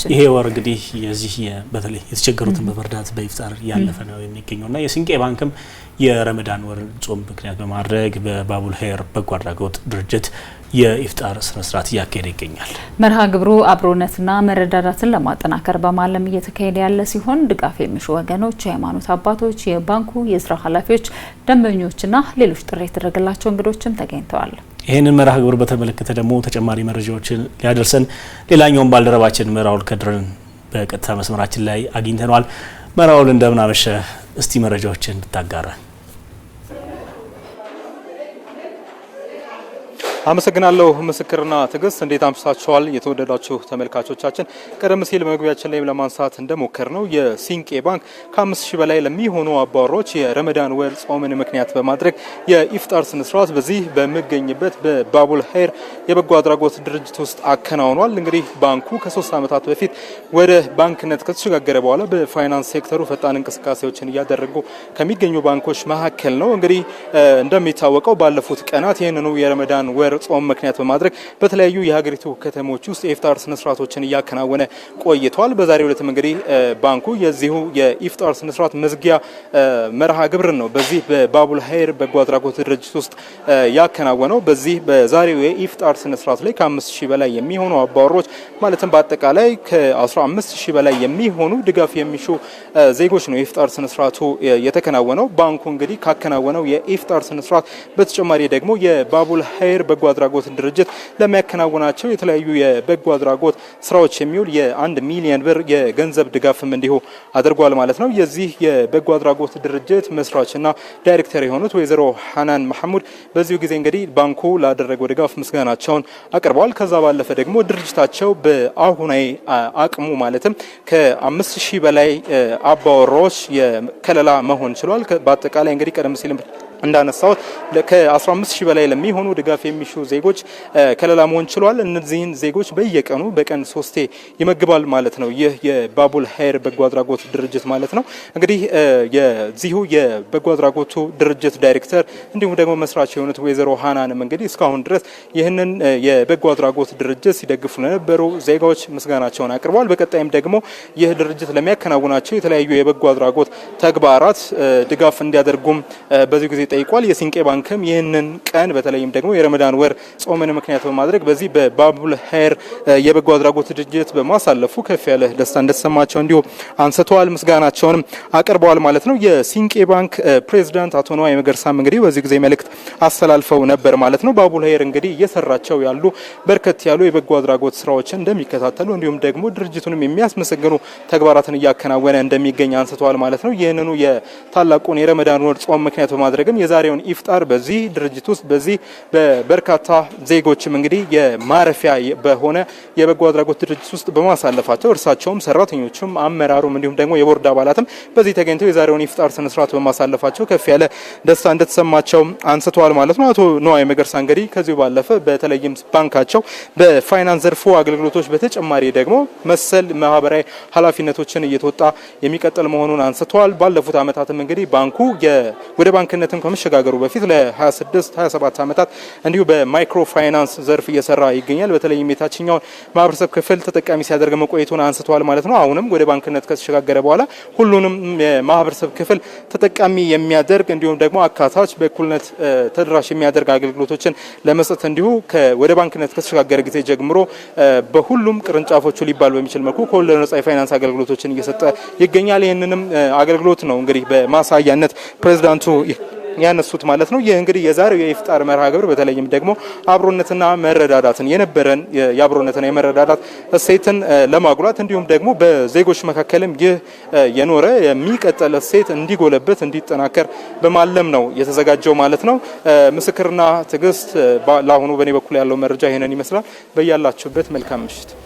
ፕሮግራማችን ይሄ ወር እንግዲህ የዚህ በተለይ የተቸገሩትን በመርዳት በኢፍጣር ያለፈ ነው የሚገኘው እና የሲንቄ ባንክም የረመዳን ወር ጾም ምክንያት በማድረግ በባቡል ሄር በጎ አድራጎት ድርጅት የኢፍጣር ስነስርዓት እያካሄደ ይገኛል። መርሃ ግብሩ አብሮነትና መረዳዳትን ለማጠናከር በማለም እየተካሄደ ያለ ሲሆን ድጋፍ የሚሹ ወገኖች፣ የሃይማኖት አባቶች፣ የባንኩ የስራ ኃላፊዎች፣ ደንበኞችና ሌሎች ጥሪ የተደረገላቸው እንግዶችም ተገኝተዋል። ይህንን መርሃ ግብር በተመለከተ ደግሞ ተጨማሪ መረጃዎችን ሊያደርሰን ሌላኛውን ባልደረባችን መራውል ከድርን በቀጥታ መስመራችን ላይ አግኝተነዋል። መራውል እንደምናመሸ እስቲ መረጃዎችን እንድታጋራል። አመሰግናለሁ ምስክርና ትዕግስት። እንዴት አምሳችኋል የተወደዳችሁ ተመልካቾቻችን፣ ቀደም ሲል መግቢያችን ላይም ለማንሳት እንደሞከር ነው የሲንቄ ባንክ ከአምስት ሺህ በላይ ለሚሆኑ አባወራዎች የረመዳን ወር ጾምን ምክንያት በማድረግ የኢፍጣር ስነስርዓት በዚህ በሚገኝበት በባቡል ሀይር የበጎ አድራጎት ድርጅት ውስጥ አከናውኗል። እንግዲህ ባንኩ ከሶስት ዓመታት በፊት ወደ ባንክነት ከተሸጋገረ በኋላ በፋይናንስ ሴክተሩ ፈጣን እንቅስቃሴዎችን እያደረጉ ከሚገኙ ባንኮች መካከል ነው። እንግዲህ እንደሚታወቀው ባለፉት ቀናት ይህንኑ የረመዳን ወር ጾም ምክንያት በማድረግ በተለያዩ የሀገሪቱ ከተሞች ውስጥ የኢፍጣር ስነስርዓቶችን እያከናወነ ቆይቷል። በዛሬው ዕለትም እንግዲህ ባንኩ የዚሁ የኢፍጣር ስነስርዓት መዝጊያ መርሃ ግብርን ነው በዚህ በባቡል ሀይር በጎ አድራጎት ድርጅት ውስጥ ያከናወነው። በዚህ በዛሬው የኢፍጣር ስነስርዓት ላይ ከአምስት ሺህ በላይ የሚሆኑ አባወሮች ማለትም በአጠቃላይ ከ15 ሺህ በላይ የሚሆኑ ድጋፍ የሚሹ ዜጎች ነው የኢፍጣር ስነስርዓቱ የተከናወነው። ባንኩ እንግዲህ ካከናወነው የኢፍጣር ስነስርዓት በተጨማሪ ደግሞ የባቡል ሀይር በጎ አድራጎት ድርጅት ለሚያከናውናቸው የተለያዩ የበጎ አድራጎት ስራዎች የሚውል የአንድ ሚሊዮን ብር የገንዘብ ድጋፍም እንዲሁ አድርጓል ማለት ነው። የዚህ የበጎ አድራጎት ድርጅት መስራችና ዳይሬክተር የሆኑት ወይዘሮ ሐናን መሐሙድ በዚሁ ጊዜ እንግዲህ ባንኩ ላደረገው ድጋፍ ምስጋናቸውን አቅርበዋል። ከዛ ባለፈ ደግሞ ድርጅታቸው በአሁናዊ አቅሙ ማለትም ከአምስት ሺህ በላይ አባወራዎች የከለላ መሆን ችሏል። በአጠቃላይ እንግዲህ ቀደም ሲል እንዳነሳሁት ከ15 ሺህ በላይ ለሚሆኑ ድጋፍ የሚሹ ዜጎች ከለላ መሆን ችሏል። እነዚህን ዜጎች በየቀኑ በቀን ሶስቴ ይመግባል ማለት ነው። ይህ የባቡል ሀይር በጎ አድራጎት ድርጅት ማለት ነው። እንግዲህ የዚሁ የበጎ አድራጎቱ ድርጅት ዳይሬክተር እንዲሁም ደግሞ መስራች የሆኑት ወይዘሮ ሀናንም እንግዲህ እስካሁን ድረስ ይህንን የበጎ አድራጎት ድርጅት ሲደግፉ ለነበሩ ዜጋዎች ምስጋናቸውን አቅርበዋል። በቀጣይም ደግሞ ይህ ድርጅት ለሚያከናውናቸው የተለያዩ የበጎ አድራጎት ተግባራት ድጋፍ እንዲያደርጉም በዚሁ ጊዜ ጠይቋል። የሲንቄ ባንክም ይህንን ቀን በተለይም ደግሞ የረመዳን ወር ጾምን ምክንያት በማድረግ በዚህ በባቡል ሀይር የበጎ አድራጎት ድርጅት በማሳለፉ ከፍ ያለ ደስታ እንደተሰማቸው እንዲሁ አንስተዋል። ምስጋናቸውንም አቅርበዋል ማለት ነው። የሲንቄ ባንክ ፕሬዚዳንት አቶ ነዋይ መገርሳም እንግዲህ በዚህ ጊዜ መልእክት አስተላልፈው ነበር ማለት ነው። ባቡል ሀይር እንግዲህ እየሰራቸው ያሉ በርከት ያሉ የበጎ አድራጎት ስራዎችን እንደሚከታተሉ እንዲሁም ደግሞ ድርጅቱንም የሚያስመሰግኑ ተግባራትን እያከናወነ እንደሚገኝ አንስተዋል ማለት ነው። ይህንኑ የታላቁን የረመዳን ወር ጾም ምክንያት በማድረግም የዛሬውን ኢፍጣር በዚህ ድርጅት ውስጥ በዚህ በበርካታ ዜጎችም እንግዲህ የማረፊያ በሆነ የበጎ አድራጎት ድርጅት ውስጥ በማሳለፋቸው እርሳቸውም፣ ሰራተኞቹም፣ አመራሩም እንዲሁም ደግሞ የቦርድ አባላትም በዚህ ተገኝተው የዛሬውን ኢፍጣር ስነስርዓት በማሳለፋቸው ከፍ ያለ ደስታ እንደተሰማቸው አንስተዋል። ተናግረዋል ማለት ነው። አቶ ነዋይ መገርሳ እንግዲህ ከዚሁ ባለፈ በተለይም ባንካቸው በፋይናንስ ዘርፉ አገልግሎቶች በተጨማሪ ደግሞ መሰል ማህበራዊ ኃላፊነቶችን እየተወጣ የሚቀጥል መሆኑን አንስተዋል። ባለፉት ዓመታትም እንግዲህ ባንኩ ወደ ባንክነትም ከመሸጋገሩ በፊት ለ26 27 ዓመታት እንዲሁ በማይክሮ ፋይናንስ ዘርፍ እየሰራ ይገኛል። በተለይም የታችኛውን ማህበረሰብ ክፍል ተጠቃሚ ሲያደርግ መቆየቱን አንስተዋል ማለት ነው። አሁንም ወደ ባንክነት ከተሸጋገረ በኋላ ሁሉንም የማህበረሰብ ክፍል ተጠቃሚ የሚያደርግ እንዲሁም ደግሞ አካታች በእኩልነት ተደራሽ የሚያደርግ አገልግሎቶችን ለመስጠት እንዲሁ ወደ ባንክነት ከተሸጋገረ ጊዜ ጀምሮ በሁሉም ቅርንጫፎቹ ሊባል በሚችል መልኩ ከወለድ ነጻ የፋይናንስ አገልግሎቶችን እየሰጠ ይገኛል። ይህንንም አገልግሎት ነው እንግዲህ በማሳያነት ፕሬዚዳንቱ ያነሱት ማለት ነው። ይህ እንግዲህ የዛሬው የኢፍጣር መርሃ ግብር በተለይም ደግሞ አብሮነትና መረዳዳትን የነበረን የአብሮነትና የመረዳዳት እሴትን ለማጉላት እንዲሁም ደግሞ በዜጎች መካከልም ይህ የኖረ የሚቀጠል እሴት እንዲጎለበት እንዲጠናከር በማለም ነው የተዘጋጀው ማለት ነው። ምስክርና ትዕግስት፣ ለአሁኑ በእኔ በኩል ያለው መረጃ ይህንን ይመስላል። በያላችሁበት መልካም ምሽት